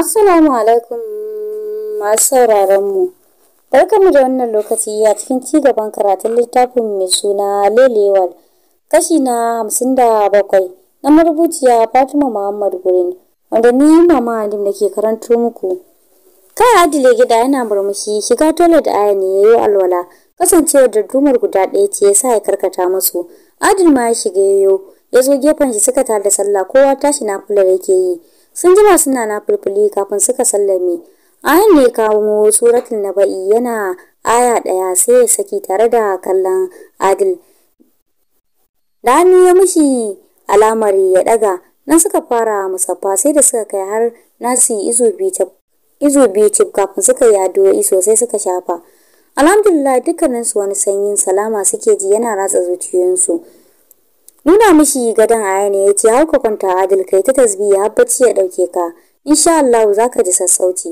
Assalamu alaikum masu sauraron mu. da wannan lokaci a cikin ci gaban karatun littafin mai suna Lelewal, kashi na hamsin da bakwai na marubuciya Fatima Muhammad Gurin, wanda ni mama Alim da ke karanto muku. Kai Adile gida yana murmushi shiga tole da aya ne yi alwala, kasancewa da dumar guda ɗaya ce ya sa ya karkata musu. Adil ma ya shiga ya yayo, ya zo gefen shi suka tare da sallah kowa tashi na kula yake yi. sun jima suna na fulfuli kafin suka sallame ayan ne kawo suratul naba'i yana aya ɗaya sai ya saki tare da kallon adil da hannu ya mishi alamar ya ɗaga nan suka fara musaffa sai da suka kai har nasi izo biyu cif kafin suka yi addu'o'i sosai suka shafa alhamdulillah dukkaninsu wani sanyin salama suke ji yana ratsa zuciyoyinsu Nuna mishi gadon a ne ya ce hau ka kwanta adil kai ta tasbiya, har bacci ya ɗauke ka. Insha Allah za ka ji sassauci.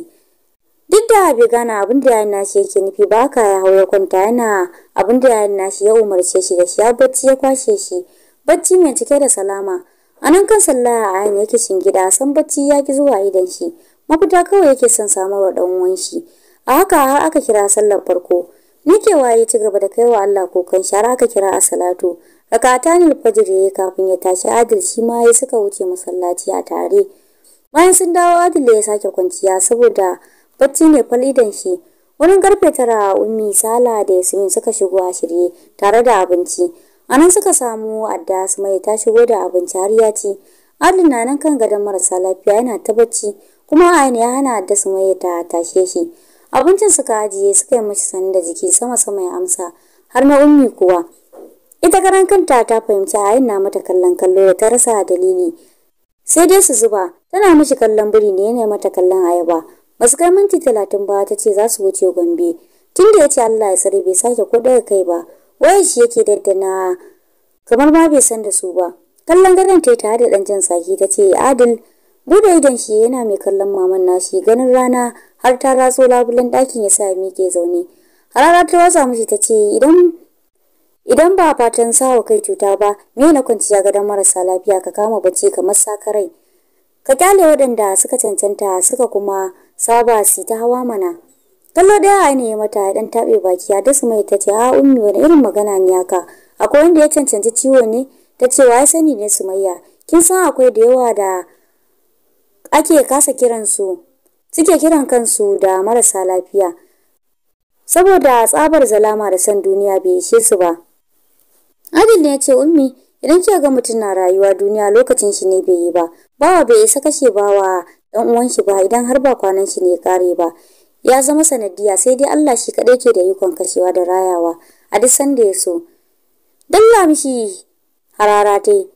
Duk da bai gane abin da yayin nashi yake nufi ba ka ya hau ya kwanta yana abin da yayin nashi ya umarce shi da shi har bacci ya kwashe shi. Bacci mai cike da salama. A nan kan sallaya a yayin yake shingida san bacci ya ki zuwa idan shi. Mafita kawai yake son samarwa ɗan uwan shi. A haka har aka kira sallar farko. Ni Nikewa ya ci gaba da kai wa Allah kokan shara aka kira a salatu. Rakatanin fajiri ya kafin ya tashi Adil shi ma ya suka wuce masallaci a tare. Bayan sun dawo Adil ya sake kwanciya saboda bacci ne falidan shi. Wurin karfe tara Ummi Sala da Yasmin suka shigo a shirye tare da abinci. A nan suka samu adda mai ta shigo da abinci har ya ci. Adil na nan kan gadon marasa lafiya yana ta bacci kuma a ya hana adda mai ta tashe shi. Abincin suka ajiye suka yi mashi sanda jiki sama sama ya amsa har na Ummi kuwa. ita karan kanta ta fahimci a yana mata kallon kallo da ta rasa dalili sai dai su zuba tana mishi kallon biri ne yana mata kallon ayaba Masu kai minti talatin ba ta ce za su wuce gombe tun da ya ce allah ya sare bai sake ko ɗaya kai ba wai shi yake daddana kamar ma bai san da su ba kallon gadon ta tare da ɗan jan saki ta ce adil bude idon shi yana mai kallon maman nashi ganin rana har ta ratso labulen ɗakin ya sa ya miƙe zaune harara ta watsa mishi ta ce idan idan ba fatan sawa kai cuta ba me na kwanciya gadon marasa lafiya ka kama bacci kamar sakarai ka kyale waɗanda suka cancanta suka kuma saba su ta hawa mana kallo ɗaya ne mata dan tabe baki ya dasu mai tace a ummi wani irin magana ne haka akwai wanda ya cancanci ciwo ne tace wa ya sani ne sumayya kin san akwai da yawa da ake kasa kiran su suke kiran kansu da marasa lafiya saboda tsabar zalama da san duniya bai ishe su ba Adil ne ya ce ummi idan kika ga mutum na rayuwa duniya lokacin shi ne bai yi ba bawa bai isa kashe bawa dan uwan shi ba idan har ba kwanan shi ne kare ba ya zama sanadiyya sai dai Allah shi kadai ke da ikon kashewa da rayawa a duk sanda ya so dalla mishi harara te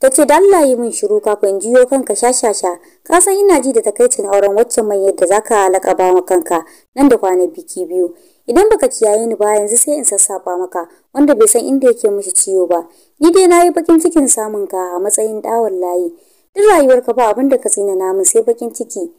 take da Allah yi min shiru kafin jiyo kanka shashasha ka san ina ji da takaicin auren waccan mai yadda zaka alaka ba kanka nan da kwana biki biyu idan baka kiyaye ni ba yanzu sai in sassafa maka wanda bai san inda yake mishi ciwo ba ni dai nayi bakin cikin samun ka a matsayin dawon layi duk rayuwarka ba abin da ka tsina namun sai bakin ciki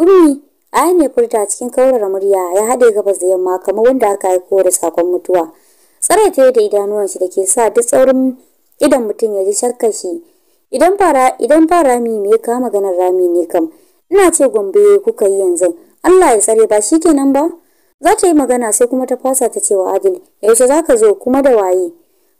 ummi ai ne furta cikin kaurara murya ya haɗe gabas da yamma kamar wanda aka aiko da sakon mutuwa tsare ta da idanuwan shi da ke sa duk tsaurin idan mutum ya ji shakkar shi idan fara idan fara mi me ka maganar rami ne kam ina ce gombe kuka yi yanzu Allah ya tsare ba shi shikenan ba za ta yi magana sai kuma ta fasa ta cewa adil yaushe za ka zo kuma da waye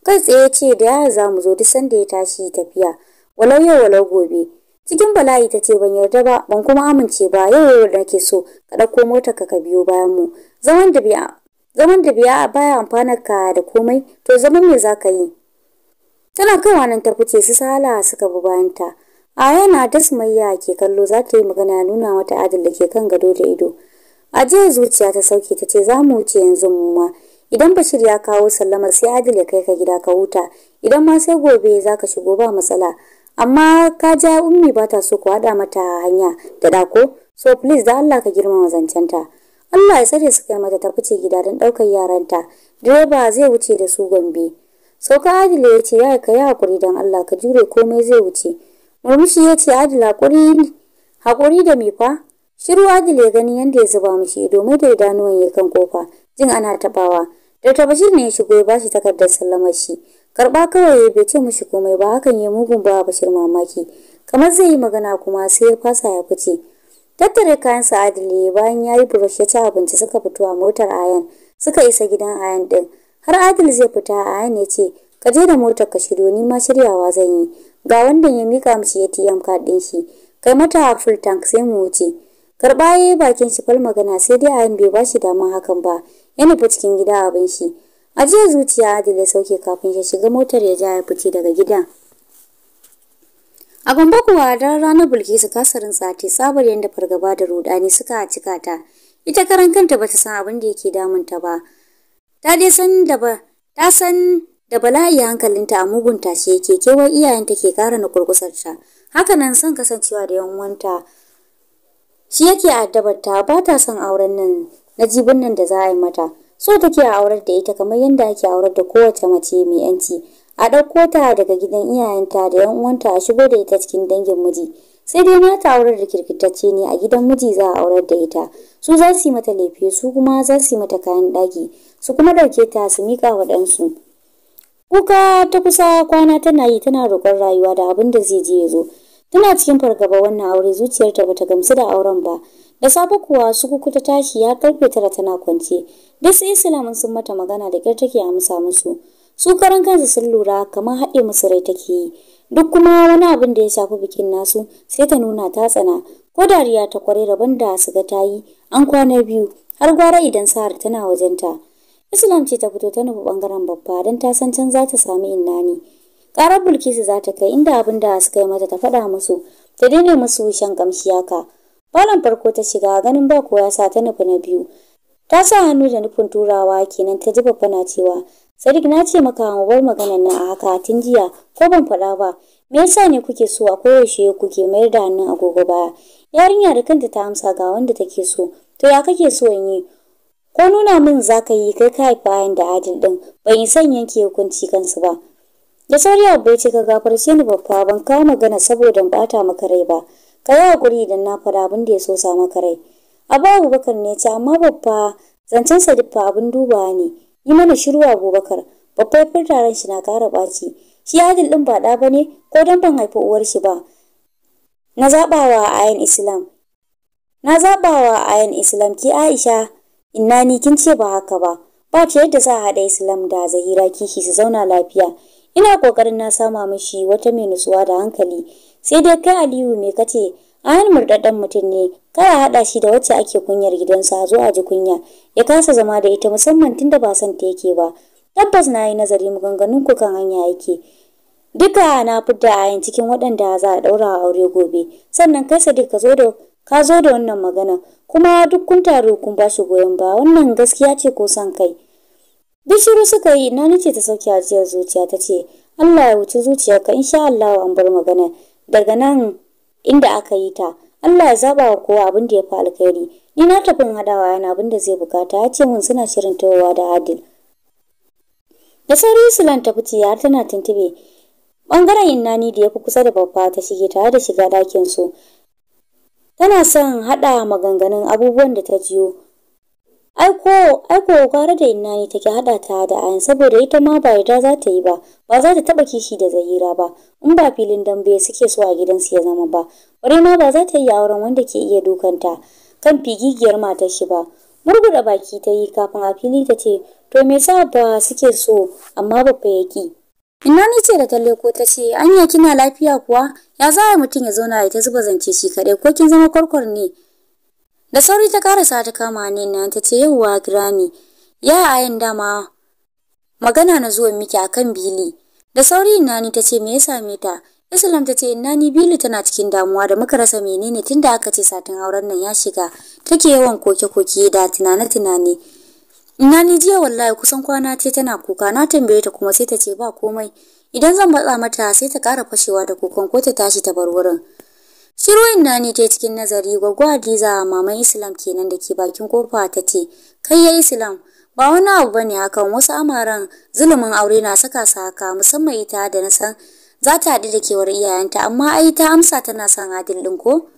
kai tsaye ce da yaya za mu zo duk sanda ya tashi tafiya walau yau walau gobe cikin bala'i ta ce ban yarda ba ban kuma amince ba yau yau da nake so ka ɗauko motar ka ka biyo bayan mu zaman da biya zaman da biya baya amfanar ka da komai to zaman me za ka yi tana kaiwa nan ta fice su sala suka bi bayan ta a yana dasmayya ke kallo za ta yi magana nuna mata adil da ke kan gado da ido a jiya zuciya ta sauke ta ce za mu wuce yanzu mu ma idan bashir ya kawo sallamar sai adil ya kai ka gida ka huta idan ma sai gobe za ka shigo ba matsala amma ka ja ummi ba ta so ku haɗa mata hanya da dako so please da allah ka girmama zancenta allah ya tsare su kai mata ta fice gida don ɗaukar yaranta direba zai wuce da su gombe sauka Adil ya ce ya ka yi haƙuri don allah ka jure komai zai wuce murmushi ya ce adila haƙuri da me fa Shiru Adil ya gani yanda ya zuba mishi ido mai da idanuwan ya kan kofa, jin ana tabawa. Dr. Bashir ne ya shigo ya bashi takardar sallamar shi. Karba kawai ya bai ce mishi komai ba hakan ya mugun ba Bashir mamaki. Kamar zai yi magana kuma sai ya fasa ya fice. Tattare kayan sa Adil ya bayan ya yi burush ya ci abinci suka fito a motar Ayan. Suka isa gidan Ayan din. Har Adil zai fita Ayan ya ce ka je da motar ka shiryo ni ma shiryawa zan yi. Ga wanda ya mika mishi ATM card din shi. Kai mata full tank sai mu wuce. karba ya bakin shi fal magana sai dai ayan bai bashi damar hakan ba ya fi cikin gida abin shi a jiya zuciya adil ya sauke kafin ya shiga motar ya ja ya fice daga gidan a gombe kuwa da ranar bilkisu kasarin tsati tsabar yadda fargaba da rudani suka cika ta ita karan kanta bata san abin da yake damunta ba ta dai san da ba ta san da bala'i hankalinta a mugun shi yake kewar iyayenta ke kara na kurkusarta nan san kasancewa da yan uwanta shi yake addabar ta ba ta son auren nan na jibin nan da za a yi mata so take a aurar da ita kamar yadda ake aurar da kowace mace mai yanci a ɗauko ta daga gidan iyayenta da yan uwanta a shigo da ita cikin dangin miji sai dai ta aurar da kirkitacce ne a gidan miji za a aurar da ita su za su yi mata lefe su kuma za su yi mata kayan ɗaki su kuma ɗauke ta su miƙa wa ɗansu kuka ta kusa kwana tana yi tana roƙon rayuwa da abin da zai je ya zo tana cikin fargaba wannan aure zuciyarta bata gamsu da auren ba da safe kuwa su kuku ta tashi ya karfe tara tana kwance duk sai islamin sun mata magana da kyar take amsa musu su karan kansu sun lura kamar haɗe musu rai take yi duk kuma wani abin da ya shafi bikin nasu sai ta nuna ta tsana ko dariya ta kware rabon da su ga ta yi an kwana biyu har gwara idan sahar tana wajenta islam ce ta fito ta nufi bangaren babba don ta san can za ta sami inna ne karar bulkisu za ta kai inda abin da suka yi mata ta faɗa musu, ta daina musu shan kamshi haka. Falon farko ta shiga ganin ba kowa sa ta nufi na biyu. Ta sa hannu da nufin turawa kenan ta ji babba na cewa, Sadiq na ce maka mu bar maganar nan a haka tun jiya ko ban faɗa ba. Me yasa ne kuke so a koyaushe kuke mayar da hannun agogo baya? Yarinya da kanta ta amsa ga wanda take so. To ya kake so in yi? Ko nuna min za ka yi kai ka haifa da adil ɗin ban yi son yanke hukunci kansu ba. da sauri abu ce ka gafarce ni babba ban kawo magana saboda in bata maka rai ba ka yi hakuri idan na faɗa abin da ya so sa maka rai abu abubakar ne ce amma babba zancen sadifa abin duba ne yi mana shiru abubakar babba ya furta ran shi na ƙara ɓaci shi adil ɗin ba ɗa ba ne ko don ban haifi uwar shi ba na zaɓawa ayan islam na zaɓawa ayan islam ki aisha inna ni kin ce ba haka ba ba ta yadda za a haɗa islam da zahira kishi su zauna lafiya ina kokarin na sama mishi wata mai nutsuwa da hankali sai dai kai aliyu me kace ayan murdaddan mutum ne kara hada shi da wacce ake kunyar gidansa a zo a ji kunya ya kasa zama da ita musamman tunda ba son ta yake ba tabbas na yi nazari ganganun ku kan hanya yake duka na fidda ayan cikin waɗanda za a ɗaura a aure gobe sannan kai sadiq ka zo da ka zo da wannan magana kuma duk kun taru kun ba shi goyon ba wannan gaskiya ce ko san kai duk suka yi ina nace ta sauke ajiyar zuciya ta ce Allah ya wuce ka insha Allah an bar magana daga nan inda aka yi ta Allah ya zaba wa kowa abin da ya fi alkhairi ni na tafin hadawa yana abin da zai bukata ya ce mun suna shirin tawowa da Adil da sauri Yusulan ta fice har tana tuntube bangaren innani da ya fi kusa da babba ta shige tare da shiga dakin su tana son haɗa maganganun abubuwan da ta jiyo Aiko, aiko gwara da inna ne take hada ta da ayan saboda ita ma ba yarda za ta yi ba, ba za ta taba kishi da zahira ba, in ba filin dambe suke so a gidansu ya zama ba. Bare ma ba za ta yi auren wanda ke iya dukanta kan figigiyar matar shi ba. Murguda baki ta yi kafin a fili ta ce, to me za ba suke so amma ba fa yaki. Inna ne ce da talle ko ta ce, anya kina lafiya kuwa? Ya za mutum ya zauna ya ta zuba zance shi kadai ko kin zama kwarkwar ne? da sauri ta karasa ta kama ne nan ta ce yauwa Grammy ya ayin dama magana na zuwa miki akan bili da sauri nani ta ce me ya same ta islam ta ce nani bili tana cikin damuwa da muka rasa menene tunda aka ce satin auren nan ya shiga take yawan koke-koke da tunane-tunane nani jiya wallahi kusan kwana ce tana kuka na tambaye ta kuma sai ta ce ba komai idan zan batsa mata sai ta kara fashewa da kukan ko ta tashi ta bar wurin na ne ta cikin nazari gwaggo Hadiza maman Islam kenan da ke bakin kofa ta ce, "Kai ya Islam, ba wani abu ba ne hakan wasu amaran zulumin aure na saka su haka musamman ita da na san za ta haɗu da kewar iyayenta amma ai ta amsa tana son adil ɗin ko?"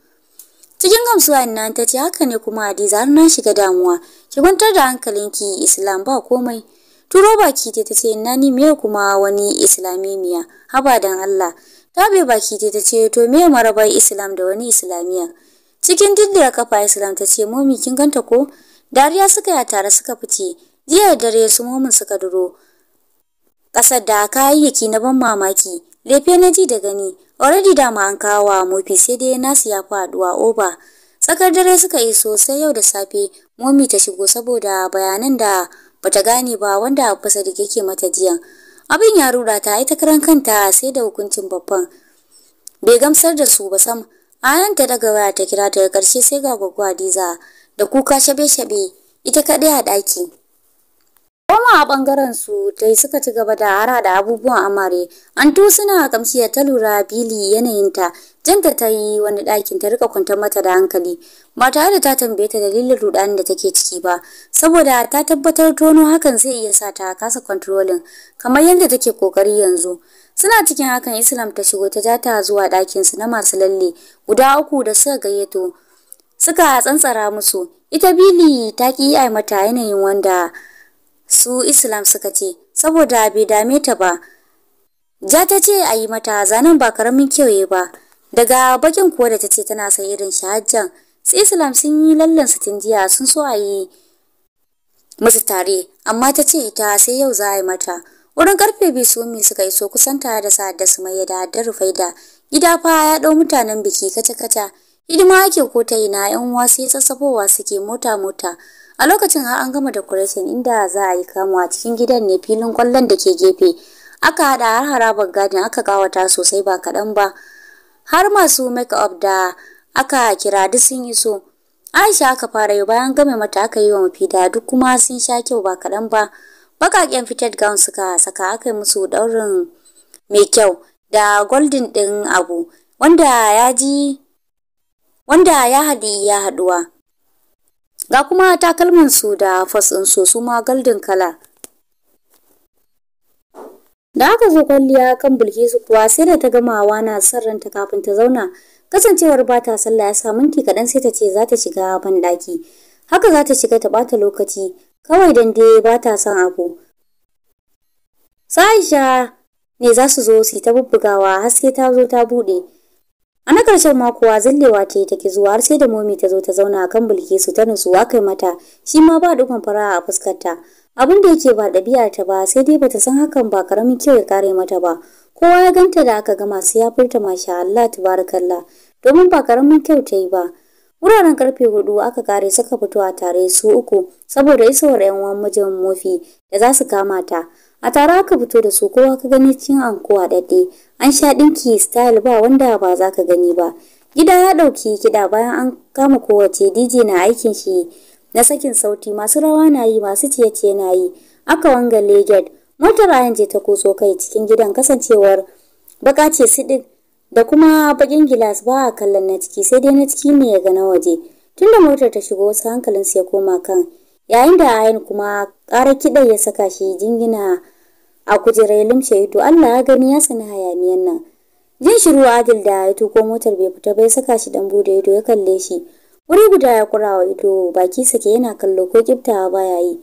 Cikin gamsuwa ina ta ce haka ne kuma Hadiza har na shiga damuwa, ki kwantar da hankalinki Islam ba komai. Turo baki ta ce ina ni kuma wani Islamimiya, haba dan Allah. Ta bai baki dai ta ce to me marabar islam da wani islamiya cikin diddiya kafa islam ta ce momi kin ganta ko dariya suka ya tare suka fice jiya dare su momin suka duro kasar da kayayyaki na ban mamaki lefe na ji da gani already ma an kawo mofi sai dai nasu ya faduwa oba tsakar dare suka yi sosai yau da safe momi ta shigo saboda bayanan da bata gane ba wanda fasa da yake mata jiya abin ya ruda ta ita karan kanta sai da hukuncin babban bai gamsar da su ba sam nan ta daga waya ta kira daga karshe sai ga gwagwa diza da kuka shabe-shabe ita kadai a ɗaki Koma a bangaren su dai suka ci gaba da hara da abubuwan amare. Antu suna kamshiya ta lura Bili yanayinta. Janta ta yi wani ɗakin ta rika kwantar mata da hankali. Ba tare da ta tambaye ta dalilin rudanin da take ciki ba. Saboda ta tabbatar tono hakan zai iya sa ta kasa kwantarolin kamar yadda take kokari yanzu. Suna cikin hakan Islam ta shigo ta jata zuwa ɗakinsu na masu lalle guda uku da suka gayyato. Suka tsantsara musu. Ita Bili ta ki yi mata yanayin wanda su Islam suka ce, saboda bai dame ta ba. Ja ta ce a yi mata zanen ba karamin kyauye ba, daga bakin kuwa da ta ce tana son irin shahajjan, su Islam sun yi lallan su jiya sun so a yi musu tare, amma ta ce ita sai yau za a yi mata. Wurin karfe biyu su mi suka iso kusanta da sa da su mai da da rufaida, gida fa ya ɗau mutanen biki kaca-kaca, hidima ake ko na ina 'yan uwa sai tsasafowa suke mota-mota. a lokacin har an gama decoration inda za a yi kamu cikin gidan ne filin kwallon da ke gefe aka hada har harabar gadin aka kawata sosai ba kaɗan ba har masu make up da aka kira duk sun yi so aisha aka fara yi bayan game mata aka yi wa mafida duk kuma sun sha kyau ba kaɗan ba bakaƙen fitted gown suka saka aka yi musu ɗaurin mai kyau da golden ɗin abu wanda ya ji wanda ya haɗi ya haɗuwa ga kuma takalman su da fas ɗin su su ma galdin kala da aka zo kwalliya kan bilkisu kuwa sai da ta gamawa na sarranta kafin ta zauna kasancewar ba ta sallah ya sa minti kaɗan sai ta ce za ta shiga banɗaki haka za ta shiga ta ɓata lokaci kawai dan dai ba ta son abu sa'isha ne za su zo su ta bubbugawa haske ta zo ta buɗe A na ƙarshen makowa zallewa ta yi take zuwa har sai da momi ta zo ta zauna a kan Bilkisu ta nutsuwa kai mata shi ma ba dukkan fara'a a fuskarta. Abin da yake ba ɗabi'ar ta ba sai dai bata san hakan ba karamin kyau ya kare mata ba. Kowa ya ganta da aka gama sai ya furta masha Allah tabarakallah domin ba karamin kyau ta yi ba. Wuraren karfe hudu aka kare suka fito a tare su uku saboda isowar 'yan uwan mijin Mofi da za su kama ta. a tare aka fito da su kowa ka gani cikin ankuwa daɗe an sha ɗinki style ba wanda ba za ka gani ba gida ya ɗauki kiɗa bayan an kama kowace dj na aikin shi na sakin sauti masu rawa na yi masu ciye-ciye na yi aka wanga leged motar ayan je ta kuso kai cikin gidan kasancewar baka ce siɗin da kuma bakin gilas ba a kallon na ciki sai dai na ciki ne ya ga na waje tunda motar ta shigo wasu hankalinsu ya koma kan yayin da ayin kuma ƙara kiɗa ya saka shi jingina a kujerar limshe ito Allah ya gani ya sani hayaniyan nan jin shiru adil da ya tuko motar bai fita bai saka shi dan bude ido ya kalle shi wuri guda ya wa ido baki sake yana kallo ko kiftawa baya yi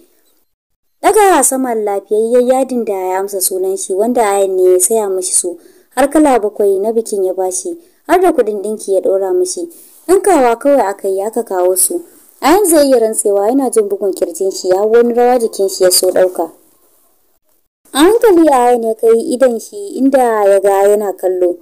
daga saman lafiyayyen yadin da ya amsa sunan shi wanda ayin ne ya saya mashi su har kala bakwai na bikin ya bashi har da kuɗin ɗinki ya ɗora mashi ɗinkawa kawai aka yi aka kawo su a yanzu zai yi rantsewa yana jin bugun kirjin shi ya wani rawa jikin shi ya so ɗauka. A hankali Ayan ya kai idan shi inda ya ga yana kallo.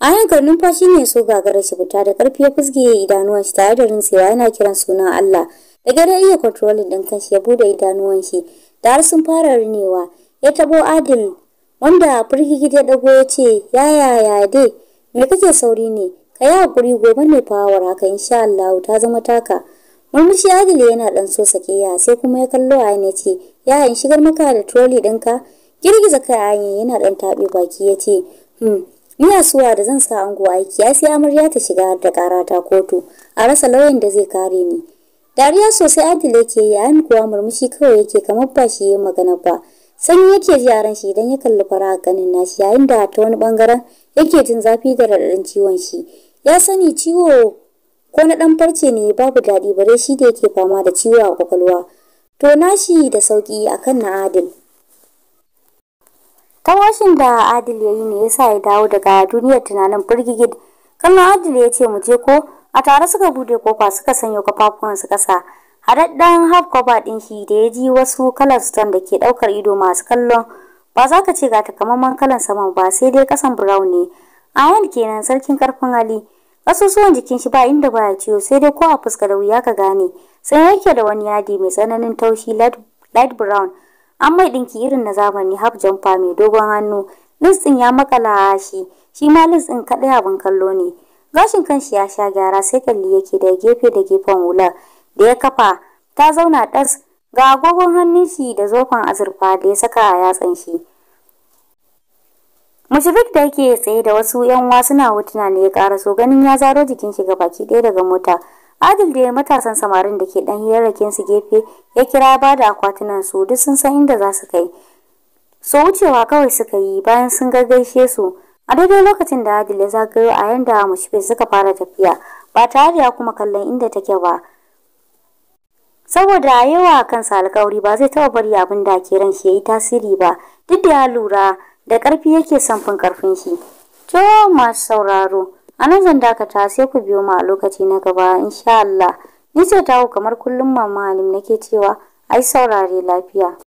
Ayan kan numfashi ne so gagarar shi fita da ƙarfi ya fusge idanuwan shi tare da rantsewa yana kiran sunan Allah. Da gare iya kontrolin ɗin kanshi ya bude idanuwan shi da har sun fara rinewa. Ya tabo Adil wanda firgigi ya dago ya ce yaya ya dai me kake sauri ne ka yi hakuri gobe ne fawar haka insha allahu ta zama taka. murmushi adile yana dan so ya sai kuma ya kallo a ya ce yayan shigar maka da trolley ka girgiza kai a ayan yana dan taɓe baki ya ce hmm ina suwa da zan sa ango aiki ya sai amarya ta shiga da karata kotu a rasa lauyan da zai kare ni dariya sosai adile ke yi kuwa murmushi kawai yake kamar ba shi yin magana ba sanyi yake ji yaran shi idan ya kalli fara ganin nashi yayin da ta wani bangaren yake jin zafi da raɗaɗin ciwon shi ya sani ciwo ko na ɗan farce ne babu daɗi bare shi da yake fama da ciwo a kwakwalwa to nashi da sauƙi akan na adil tawashin da adil ya yi ne yasa ya dawo daga duniyar tunanin firgigid kallon adil ya ce mu je ko a tare suka bude kofa suka sanya kafafuwansu kasa haɗaɗɗen cover ɗin shi da ya ji wasu kalar stone da ke ɗaukar ido masu kallon ba za ka ce ga takamaiman kalan saman ba sai dai ƙasan brown ne a yan kenan sarkin karfin hali Kasusuwan jikin shi ba inda baya ciwo sai dai ko a fuska da wuya ka gane. Sai yake da wani yadi mai tsananin taushi light brown. An mai dinki irin na zamani haf jamfa mai dogon hannu. Lis ɗin ya makala shi, shi ma lis ɗin kaɗai abin kallo ne. Gashin kanshi ya sha gyara sai kalli yake da gefe da gefen hular da ya kafa ta zauna ɗas ga agogon hannun shi da zofan azurfa da ya saka a yatsan shi Mushafik da yake tsaye da wasu yan uwa suna hotuna ne ya karaso ganin ya zaro jikin shi baki ɗaya daga mota. Adil da ya matasan samarin da ke hirar hirarrakin su gefe ya kira ba da akwatunan su duk sun san inda za su kai. So wucewa kawai suka yi bayan sun gaggaishe su. A daidai lokacin da Adil ya zagayo a yanda Mushafik suka fara tafiya ba tare da ya kuma kallon inda take ba. Saboda yawa kansa alkawari ba zai taɓa bari abin da ke ran shi ya yi tasiri ba duk da ya lura da ƙarfi yake samfin ƙarfin shi to masu sauraro a nan zan dakata sai ku biyo mu a lokaci na gaba insha Allah ni ce tawo kamar kullum mama nake cewa ai saurare lafiya